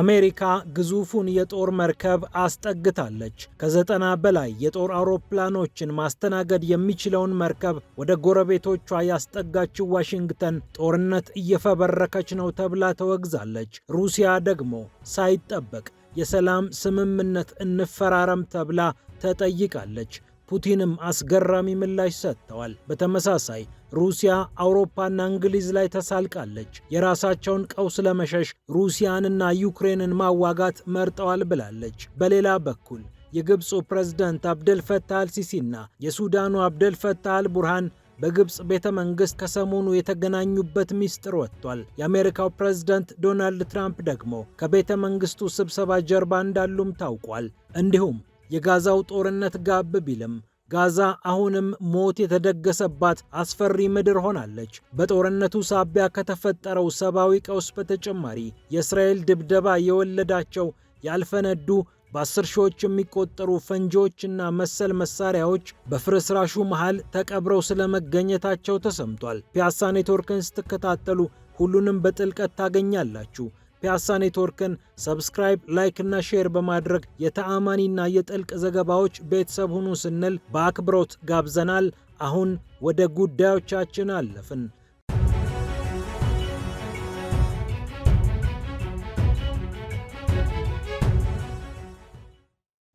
አሜሪካ ግዙፉን የጦር መርከብ አስጠግታለች። ከዘጠና በላይ የጦር አውሮፕላኖችን ማስተናገድ የሚችለውን መርከብ ወደ ጎረቤቶቿ ያስጠጋችው ዋሽንግተን ጦርነት እየፈበረከች ነው ተብላ ተወግዛለች። ሩሲያ ደግሞ ሳይጠበቅ የሰላም ስምምነት እንፈራረም ተብላ ተጠይቃለች። ፑቲንም አስገራሚ ምላሽ ሰጥተዋል። በተመሳሳይ ሩሲያ አውሮፓና እንግሊዝ ላይ ተሳልቃለች፣ የራሳቸውን ቀውስ ለመሸሽ ሩሲያንና ዩክሬንን ማዋጋት መርጠዋል ብላለች። በሌላ በኩል የግብፁ ፕሬዝደንት አብደልፈታህ አልሲሲና የሱዳኑ አብደልፈታህ አልቡርሃን በግብፅ ቤተ መንግሥት ከሰሞኑ የተገናኙበት ሚስጥር ወጥቷል። የአሜሪካው ፕሬዝደንት ዶናልድ ትራምፕ ደግሞ ከቤተ መንግሥቱ ስብሰባ ጀርባ እንዳሉም ታውቋል። እንዲሁም የጋዛው ጦርነት ጋብ ቢልም ጋዛ አሁንም ሞት የተደገሰባት አስፈሪ ምድር ሆናለች። በጦርነቱ ሳቢያ ከተፈጠረው ሰብአዊ ቀውስ በተጨማሪ የእስራኤል ድብደባ የወለዳቸው ያልፈነዱ በአስር ሺዎች የሚቆጠሩ ፈንጂዎችና መሰል መሳሪያዎች በፍርስራሹ መሃል ተቀብረው ስለመገኘታቸው ተሰምቷል። ፒያሳ ኔትወርክን ስትከታተሉ ሁሉንም በጥልቀት ታገኛላችሁ። ፒያሳ ኔትወርክን ሰብስክራይብ፣ ላይክ እና ሼር በማድረግ የተአማኒና የጥልቅ ዘገባዎች ቤተሰብ ሁኑ ስንል በአክብሮት ጋብዘናል። አሁን ወደ ጉዳዮቻችን አለፍን።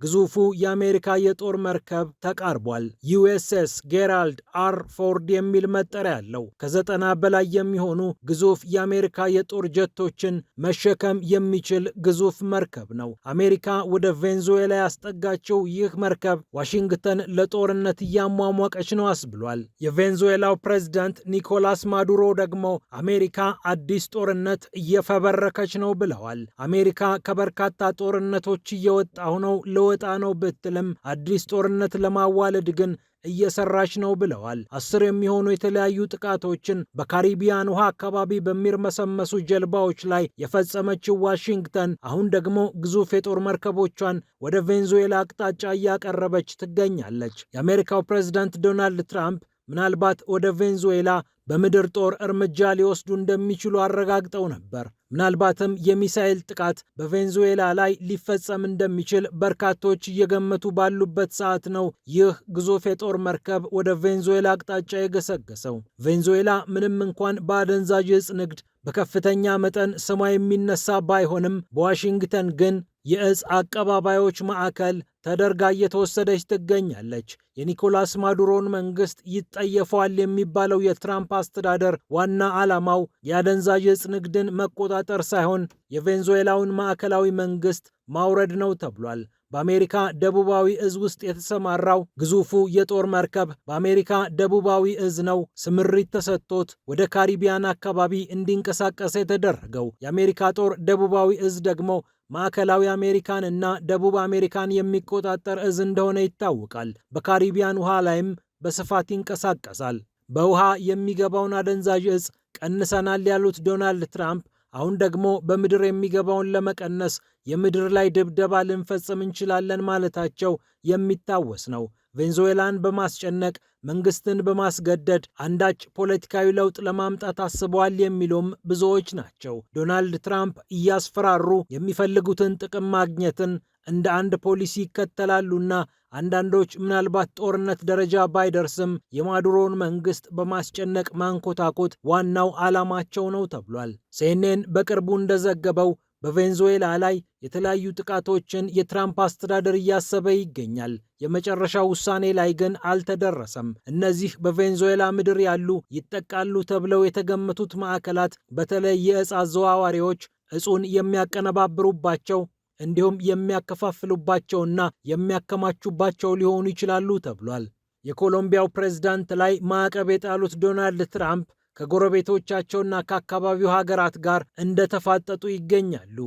ግዙፉ የአሜሪካ የጦር መርከብ ተቃርቧል። ዩኤስኤስ ጌራልድ አር ፎርድ የሚል መጠሪያ ያለው ከዘጠና በላይ የሚሆኑ ግዙፍ የአሜሪካ የጦር ጀቶችን መሸከም የሚችል ግዙፍ መርከብ ነው። አሜሪካ ወደ ቬንዙዌላ ያስጠጋችው ይህ መርከብ ዋሽንግተን ለጦርነት እያሟሟቀች ነው አስብሏል። የቬንዙዌላው ፕሬዝዳንት ኒኮላስ ማዱሮ ደግሞ አሜሪካ አዲስ ጦርነት እየፈበረከች ነው ብለዋል። አሜሪካ ከበርካታ ጦርነቶች እየወጣሁ ነው ሊወጣ ነው ብትልም አዲስ ጦርነት ለማዋለድ ግን እየሰራች ነው ብለዋል። አስር የሚሆኑ የተለያዩ ጥቃቶችን በካሪቢያን ውሃ አካባቢ በሚርመሰመሱ ጀልባዎች ላይ የፈጸመችው ዋሽንግተን አሁን ደግሞ ግዙፍ የጦር መርከቦቿን ወደ ቬንዙዌላ አቅጣጫ እያቀረበች ትገኛለች። የአሜሪካው ፕሬዝዳንት ዶናልድ ትራምፕ ምናልባት ወደ ቬንዙዌላ በምድር ጦር እርምጃ ሊወስዱ እንደሚችሉ አረጋግጠው ነበር። ምናልባትም የሚሳኤል ጥቃት በቬንዙዌላ ላይ ሊፈጸም እንደሚችል በርካቶች እየገመቱ ባሉበት ሰዓት ነው ይህ ግዙፍ የጦር መርከብ ወደ ቬንዙዌላ አቅጣጫ የገሰገሰው። ቬንዙዌላ ምንም እንኳን በአደንዛዥ እጽ ንግድ በከፍተኛ መጠን ስሟ የሚነሳ ባይሆንም በዋሽንግተን ግን የእጽ አቀባባዮች ማዕከል ተደርጋ እየተወሰደች ትገኛለች። የኒኮላስ ማዱሮን መንግስት ይጠየፈዋል የሚባለው የትራምፕ አስተዳደር ዋና ዓላማው የአደንዛዥ እጽ ንግድን መቆጣጠር ሳይሆን የቬንዙዌላውን ማዕከላዊ መንግስት ማውረድ ነው ተብሏል። በአሜሪካ ደቡባዊ እዝ ውስጥ የተሰማራው ግዙፉ የጦር መርከብ በአሜሪካ ደቡባዊ እዝ ነው ስምሪት ተሰጥቶት ወደ ካሪቢያን አካባቢ እንዲንቀሳቀስ የተደረገው። የአሜሪካ ጦር ደቡባዊ እዝ ደግሞ ማዕከላዊ አሜሪካን እና ደቡብ አሜሪካን የሚቆጣጠር እዝ እንደሆነ ይታወቃል። በካሪቢያን ውሃ ላይም በስፋት ይንቀሳቀሳል። በውሃ የሚገባውን አደንዛዥ እጽ ቀንሰናል ያሉት ዶናልድ ትራምፕ አሁን ደግሞ በምድር የሚገባውን ለመቀነስ የምድር ላይ ድብደባ ልንፈጽም እንችላለን ማለታቸው የሚታወስ ነው። ቬንዙዌላን በማስጨነቅ መንግስትን በማስገደድ አንዳች ፖለቲካዊ ለውጥ ለማምጣት አስበዋል የሚሉም ብዙዎች ናቸው። ዶናልድ ትራምፕ እያስፈራሩ የሚፈልጉትን ጥቅም ማግኘትን እንደ አንድ ፖሊሲ ይከተላሉና አንዳንዶች ምናልባት ጦርነት ደረጃ ባይደርስም የማዱሮን መንግስት በማስጨነቅ ማንኮታኮት ዋናው ዓላማቸው ነው ተብሏል። ሴኔን በቅርቡ እንደዘገበው በቬንዙዌላ ላይ የተለያዩ ጥቃቶችን የትራምፕ አስተዳደር እያሰበ ይገኛል። የመጨረሻ ውሳኔ ላይ ግን አልተደረሰም። እነዚህ በቬንዙዌላ ምድር ያሉ ይጠቃሉ ተብለው የተገመቱት ማዕከላት በተለይ የእጽ አዘዋዋሪዎች እጹን የሚያቀነባብሩባቸው እንዲሁም የሚያከፋፍሉባቸውና የሚያከማቹባቸው ሊሆኑ ይችላሉ ተብሏል። የኮሎምቢያው ፕሬዝዳንት ላይ ማዕቀብ የጣሉት ዶናልድ ትራምፕ ከጎረቤቶቻቸውና ከአካባቢው ሀገራት ጋር እንደተፋጠጡ ይገኛሉ።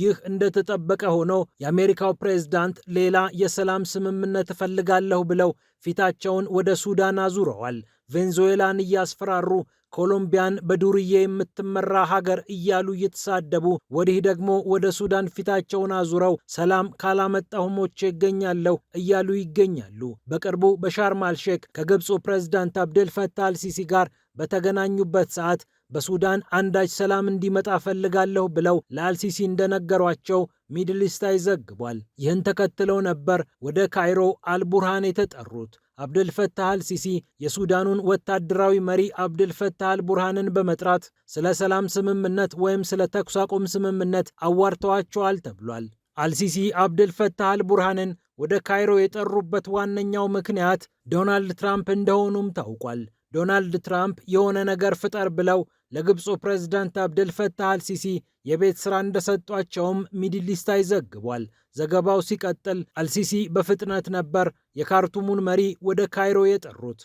ይህ እንደተጠበቀ ሆኖ የአሜሪካው ፕሬዝዳንት ሌላ የሰላም ስምምነት እፈልጋለሁ ብለው ፊታቸውን ወደ ሱዳን አዙረዋል። ቬንዙዌላን እያስፈራሩ ኮሎምቢያን በዱርዬ የምትመራ ሀገር እያሉ እየተሳደቡ ወዲህ ደግሞ ወደ ሱዳን ፊታቸውን አዙረው ሰላም ካላመጣሁ ሞቼ እገኛለሁ እያሉ ይገኛሉ። በቅርቡ በሻርማልሼክ ከግብፁ ፕሬዝዳንት አብደል ፈታህ አልሲሲ ጋር በተገናኙበት ሰዓት በሱዳን አንዳች ሰላም እንዲመጣ ፈልጋለሁ ብለው ለአልሲሲ እንደነገሯቸው ሚድል ስታይ ዘግቧል። ይህን ተከትለው ነበር ወደ ካይሮ አልቡርሃን የተጠሩት። አብደልፈታህ አልሲሲ የሱዳኑን ወታደራዊ መሪ አብደልፈታህ አልቡርሃንን በመጥራት ስለ ሰላም ስምምነት ወይም ስለ ተኩስ አቁም ስምምነት አዋርተዋቸዋል ተብሏል። አልሲሲ አብደልፈታህ አልቡርሃንን ወደ ካይሮ የጠሩበት ዋነኛው ምክንያት ዶናልድ ትራምፕ እንደሆኑም ታውቋል። ዶናልድ ትራምፕ የሆነ ነገር ፍጠር ብለው ለግብፁ ፕሬዝዳንት አብደልፈታህ አልሲሲ የቤት ሥራ እንደሰጧቸውም ሚድሊስት ይዘግቧል። ዘገባው ሲቀጥል አልሲሲ በፍጥነት ነበር የካርቱሙን መሪ ወደ ካይሮ የጠሩት።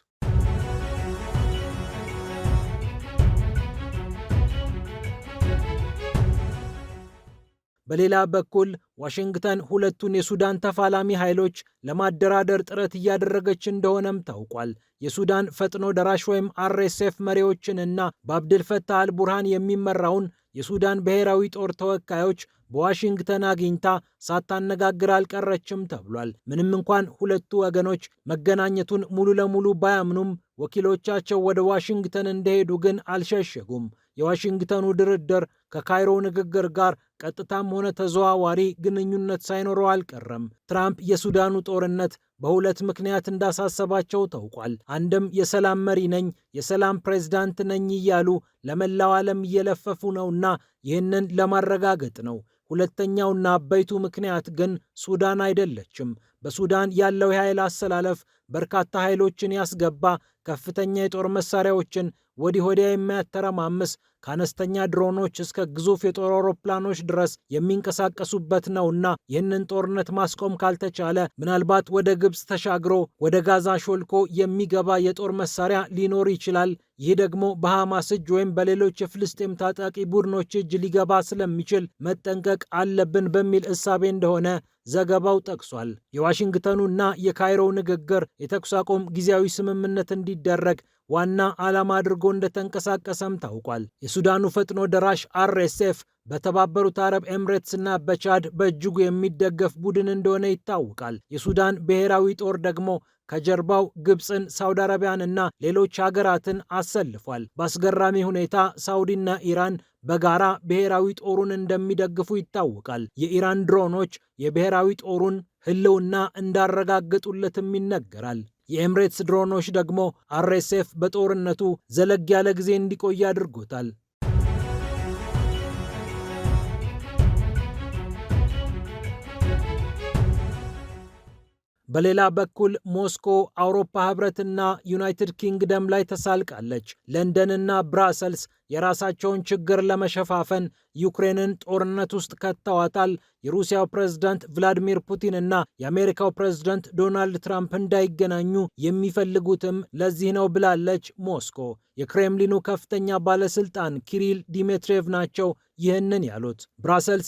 በሌላ በኩል ዋሽንግተን ሁለቱን የሱዳን ተፋላሚ ኃይሎች ለማደራደር ጥረት እያደረገች እንደሆነም ታውቋል። የሱዳን ፈጥኖ ደራሽ ወይም አርኤስኤፍ መሪዎችንና በአብድልፈታህ አልቡርሃን የሚመራውን የሱዳን ብሔራዊ ጦር ተወካዮች በዋሽንግተን አግኝታ ሳታነጋግር አልቀረችም ተብሏል። ምንም እንኳን ሁለቱ ወገኖች መገናኘቱን ሙሉ ለሙሉ ባያምኑም ወኪሎቻቸው ወደ ዋሽንግተን እንደሄዱ ግን አልሸሸጉም። የዋሽንግተኑ ድርድር ከካይሮ ንግግር ጋር ቀጥታም ሆነ ተዘዋዋሪ ግንኙነት ሳይኖረው አልቀረም። ትራምፕ የሱዳኑ ጦርነት በሁለት ምክንያት እንዳሳሰባቸው ታውቋል። አንድም የሰላም መሪ ነኝ፣ የሰላም ፕሬዝዳንት ነኝ እያሉ ለመላው ዓለም እየለፈፉ ነውና ይህንን ለማረጋገጥ ነው። ሁለተኛውና አበይቱ ምክንያት ግን ሱዳን አይደለችም። በሱዳን ያለው የኃይል አሰላለፍ በርካታ ኃይሎችን ያስገባ፣ ከፍተኛ የጦር መሳሪያዎችን ወዲህ ወዲያ የሚያተረማምስ ከአነስተኛ ድሮኖች እስከ ግዙፍ የጦር አውሮፕላኖች ድረስ የሚንቀሳቀሱበት ነውና ይህንን ጦርነት ማስቆም ካልተቻለ ምናልባት ወደ ግብፅ ተሻግሮ ወደ ጋዛ ሾልኮ የሚገባ የጦር መሳሪያ ሊኖር ይችላል። ይህ ደግሞ በሐማስ እጅ ወይም በሌሎች የፍልስጤም ታጣቂ ቡድኖች እጅ ሊገባ ስለሚችል መጠንቀቅ አለብን በሚል እሳቤ እንደሆነ ዘገባው ጠቅሷል። እና የካይሮው ንግግር የተኩስ አቁም ጊዜያዊ ስምምነት እንዲደረግ ዋና ዓላማ አድርጎ እንደተንቀሳቀሰም ታውቋል። የሱዳኑ ፈጥኖ ደራሽ አርኤስኤፍ በተባበሩት አረብ ኤምሬትስና በቻድ በእጅጉ የሚደገፍ ቡድን እንደሆነ ይታወቃል። የሱዳን ብሔራዊ ጦር ደግሞ ከጀርባው ግብፅን፣ ሳውዲ አረቢያን እና ሌሎች ሀገራትን አሰልፏል። በአስገራሚ ሁኔታ ሳውዲና ኢራን በጋራ ብሔራዊ ጦሩን እንደሚደግፉ ይታወቃል። የኢራን ድሮኖች የብሔራዊ ጦሩን ህልውና እንዳረጋገጡለትም ይነገራል። የኤምሬትስ ድሮኖች ደግሞ አርኤስኤፍ በጦርነቱ ዘለግ ያለ ጊዜ እንዲቆይ አድርጎታል። በሌላ በኩል ሞስኮ አውሮፓ ህብረትና ዩናይትድ ኪንግደም ላይ ተሳልቃለች። ለንደንና ብራሰልስ የራሳቸውን ችግር ለመሸፋፈን ዩክሬንን ጦርነት ውስጥ ከተዋታል። የሩሲያው ፕሬዝዳንት ቭላዲሚር ፑቲን እና የአሜሪካው ፕሬዝዳንት ዶናልድ ትራምፕ እንዳይገናኙ የሚፈልጉትም ለዚህ ነው ብላለች ሞስኮ። የክሬምሊኑ ከፍተኛ ባለስልጣን ኪሪል ዲሜትሪቭ ናቸው ይህንን ያሉት።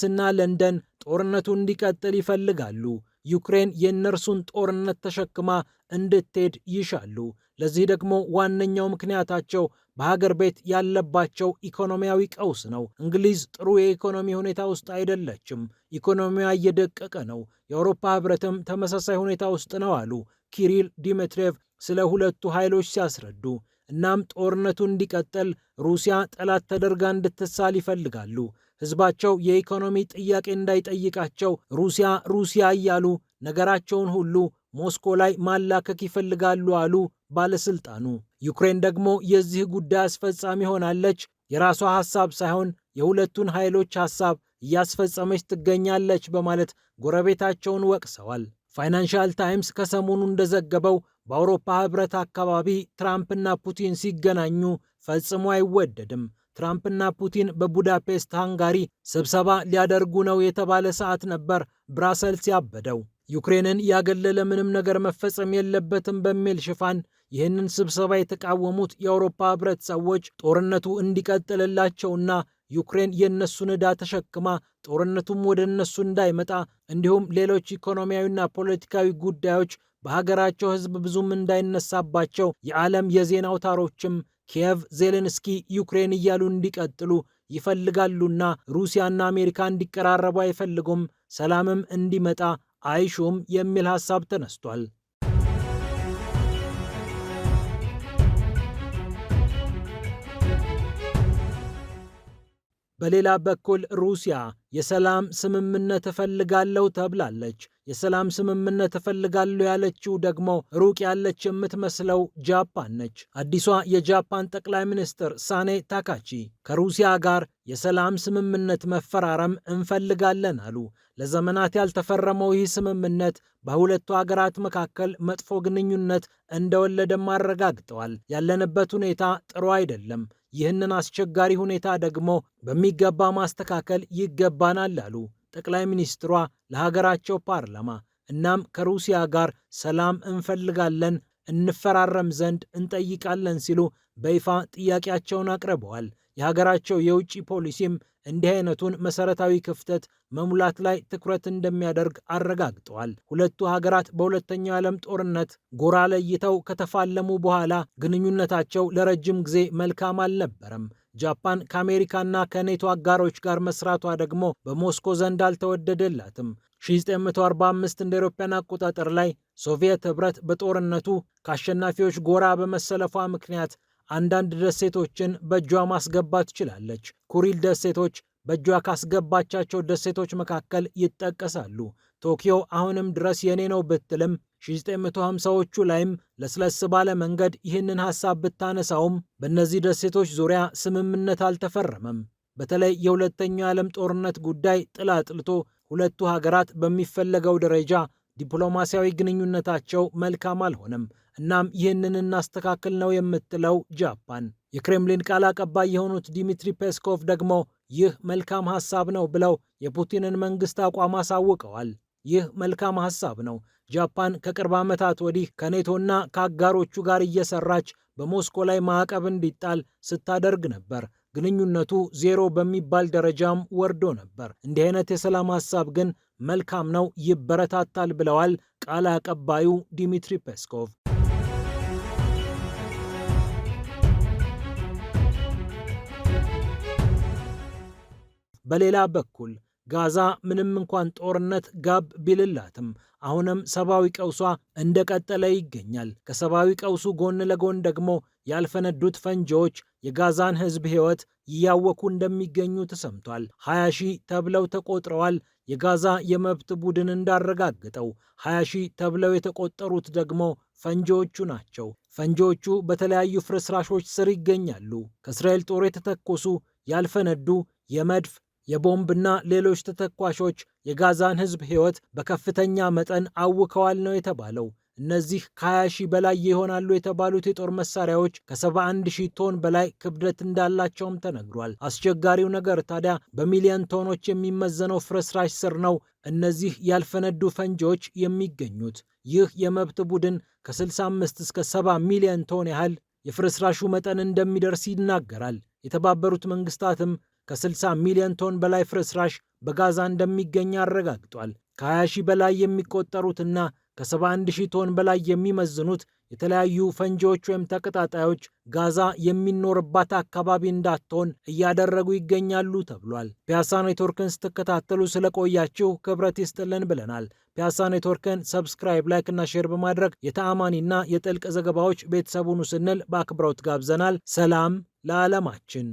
እና ለንደን ጦርነቱ እንዲቀጥል ይፈልጋሉ። ዩክሬን የእነርሱን ጦርነት ተሸክማ እንድትሄድ ይሻሉ። ለዚህ ደግሞ ዋነኛው ምክንያታቸው በሀገር ቤት ያለባቸው ኢኮኖሚያዊ ቀውስ ነው። እንግሊዝ ጥሩ የኢኮኖሚ ሁኔታ ውስጥ አይደለችም። ኢኮኖሚዋ እየደቀቀ ነው። የአውሮፓ ህብረትም ተመሳሳይ ሁኔታ ውስጥ ነው አሉ ኪሪል ዲሜትሬቭ ስለ ሁለቱ ኃይሎች ሲያስረዱ። እናም ጦርነቱ እንዲቀጥል ሩሲያ ጠላት ተደርጋ እንድትሳል ይፈልጋሉ። ህዝባቸው የኢኮኖሚ ጥያቄ እንዳይጠይቃቸው ሩሲያ ሩሲያ እያሉ ነገራቸውን ሁሉ ሞስኮ ላይ ማላከክ ይፈልጋሉ አሉ ባለስልጣኑ። ዩክሬን ደግሞ የዚህ ጉዳይ አስፈጻሚ ሆናለች። የራሷ ሐሳብ ሳይሆን የሁለቱን ኃይሎች ሐሳብ እያስፈጸመች ትገኛለች በማለት ጎረቤታቸውን ወቅሰዋል። ፋይናንሻል ታይምስ ከሰሞኑ እንደዘገበው በአውሮፓ ህብረት አካባቢ ትራምፕና ፑቲን ሲገናኙ ፈጽሞ አይወደድም። ትራምፕና ፑቲን በቡዳፔስት ሃንጋሪ ስብሰባ ሊያደርጉ ነው የተባለ ሰዓት ነበር ብራሰልስ ያበደው። ዩክሬንን ያገለለ ምንም ነገር መፈጸም የለበትም በሚል ሽፋን ይህንን ስብሰባ የተቃወሙት የአውሮፓ ህብረት ሰዎች ጦርነቱ እንዲቀጥልላቸውና ዩክሬን የእነሱን ዕዳ ተሸክማ ጦርነቱም ወደ እነሱ እንዳይመጣ እንዲሁም ሌሎች ኢኮኖሚያዊና ፖለቲካዊ ጉዳዮች በሀገራቸው ህዝብ ብዙም እንዳይነሳባቸው የዓለም የዜና አውታሮችም ኪየቭ ዜሌንስኪ ዩክሬን እያሉ እንዲቀጥሉ ይፈልጋሉና ሩሲያና አሜሪካ እንዲቀራረቡ አይፈልጉም፣ ሰላምም እንዲመጣ አይሹም የሚል ሐሳብ ተነስቷል። በሌላ በኩል ሩሲያ የሰላም ስምምነት እፈልጋለሁ ተብላለች። የሰላም ስምምነት እፈልጋለሁ ያለችው ደግሞ ሩቅ ያለች የምትመስለው ጃፓን ነች። አዲሷ የጃፓን ጠቅላይ ሚኒስትር ሳኔ ታካቺ ከሩሲያ ጋር የሰላም ስምምነት መፈራረም እንፈልጋለን አሉ። ለዘመናት ያልተፈረመው ይህ ስምምነት በሁለቱ አገራት መካከል መጥፎ ግንኙነት እንደወለደም አረጋግጠዋል። ያለንበት ሁኔታ ጥሩ አይደለም። ይህንን አስቸጋሪ ሁኔታ ደግሞ በሚገባ ማስተካከል ይገባናል አሉ። ጠቅላይ ሚኒስትሯ ለሀገራቸው ፓርላማ እናም ከሩሲያ ጋር ሰላም እንፈልጋለን እንፈራረም ዘንድ እንጠይቃለን ሲሉ በይፋ ጥያቄያቸውን አቅርበዋል። የሀገራቸው የውጭ ፖሊሲም እንዲህ አይነቱን መሰረታዊ ክፍተት መሙላት ላይ ትኩረት እንደሚያደርግ አረጋግጠዋል። ሁለቱ ሀገራት በሁለተኛው ዓለም ጦርነት ጎራ ለይተው ከተፋለሙ በኋላ ግንኙነታቸው ለረጅም ጊዜ መልካም አልነበረም። ጃፓን ከአሜሪካና ከኔቶ አጋሮች ጋር መስራቷ ደግሞ በሞስኮ ዘንድ አልተወደደላትም። 1945 እንደ አውሮፓውያን አቆጣጠር ላይ ሶቪየት ህብረት በጦርነቱ ከአሸናፊዎች ጎራ በመሰለፏ ምክንያት አንዳንድ ደሴቶችን በእጇ ማስገባት ችላለች። ኩሪል ደሴቶች በእጇ ካስገባቻቸው ደሴቶች መካከል ይጠቀሳሉ። ቶኪዮ አሁንም ድረስ የኔ ነው ብትልም 1950ዎቹ ላይም ለስለስ ባለ መንገድ ይህንን ሀሳብ ብታነሳውም በእነዚህ ደሴቶች ዙሪያ ስምምነት አልተፈረመም። በተለይ የሁለተኛው ዓለም ጦርነት ጉዳይ ጥላ ጥልቶ ሁለቱ ሀገራት በሚፈለገው ደረጃ ዲፕሎማሲያዊ ግንኙነታቸው መልካም አልሆነም። እናም ይህንን እናስተካክል ነው የምትለው ጃፓን። የክሬምሊን ቃል አቀባይ የሆኑት ዲሚትሪ ፔስኮቭ ደግሞ ይህ መልካም ሐሳብ ነው ብለው የፑቲንን መንግሥት አቋም አሳውቀዋል። ይህ መልካም ሐሳብ ነው። ጃፓን ከቅርብ ዓመታት ወዲህ ከኔቶና ከአጋሮቹ ጋር እየሰራች በሞስኮ ላይ ማዕቀብ እንዲጣል ስታደርግ ነበር። ግንኙነቱ ዜሮ በሚባል ደረጃም ወርዶ ነበር። እንዲህ አይነት የሰላም ሐሳብ ግን መልካም ነው፣ ይበረታታል ብለዋል ቃል አቀባዩ ዲሚትሪ ፔስኮቭ። በሌላ በኩል ጋዛ ምንም እንኳን ጦርነት ጋብ ቢልላትም አሁንም ሰብአዊ ቀውሷ እንደቀጠለ ይገኛል። ከሰብአዊ ቀውሱ ጎን ለጎን ደግሞ ያልፈነዱት ፈንጂዎች የጋዛን ሕዝብ ሕይወት እያወኩ እንደሚገኙ ተሰምቷል። 20 ሺህ ተብለው ተቆጥረዋል። የጋዛ የመብት ቡድን እንዳረጋገጠው 20 ሺህ ተብለው የተቆጠሩት ደግሞ ፈንጂዎቹ ናቸው። ፈንጂዎቹ በተለያዩ ፍርስራሾች ስር ይገኛሉ። ከእስራኤል ጦር የተተኮሱ ያልፈነዱ የመድፍ የቦምብና ሌሎች ተተኳሾች የጋዛን ሕዝብ ሕይወት በከፍተኛ መጠን አውከዋል ነው የተባለው። እነዚህ ከ20 ሺህ በላይ ይሆናሉ የተባሉት የጦር መሳሪያዎች ከ71 ሺህ ቶን በላይ ክብደት እንዳላቸውም ተነግሯል። አስቸጋሪው ነገር ታዲያ በሚሊዮን ቶኖች የሚመዘነው ፍርስራሽ ስር ነው እነዚህ ያልፈነዱ ፈንጂዎች የሚገኙት። ይህ የመብት ቡድን ከ65 እስከ 70 ሚሊዮን ቶን ያህል የፍርስራሹ መጠን እንደሚደርስ ይናገራል። የተባበሩት መንግስታትም ከ60 ሚሊዮን ቶን በላይ ፍርስራሽ በጋዛ እንደሚገኝ አረጋግጧል። ከ20 ሺህ በላይ የሚቆጠሩትና ከ71 ሺህ ቶን በላይ የሚመዝኑት የተለያዩ ፈንጂዎች ወይም ተቀጣጣዮች ጋዛ የሚኖርባት አካባቢ እንዳትሆን እያደረጉ ይገኛሉ ተብሏል። ፒያሳ ኔትወርክን ስትከታተሉ ስለቆያችሁ ክብረት ይስጥልን ብለናል። ፒያሳ ኔትወርክን ሰብስክራይብ፣ ላይክ እና ሼር በማድረግ የተአማኒና የጥልቅ ዘገባዎች ቤተሰቡን ስንል በአክብሮት ጋብዘናል። ሰላም ለዓለማችን።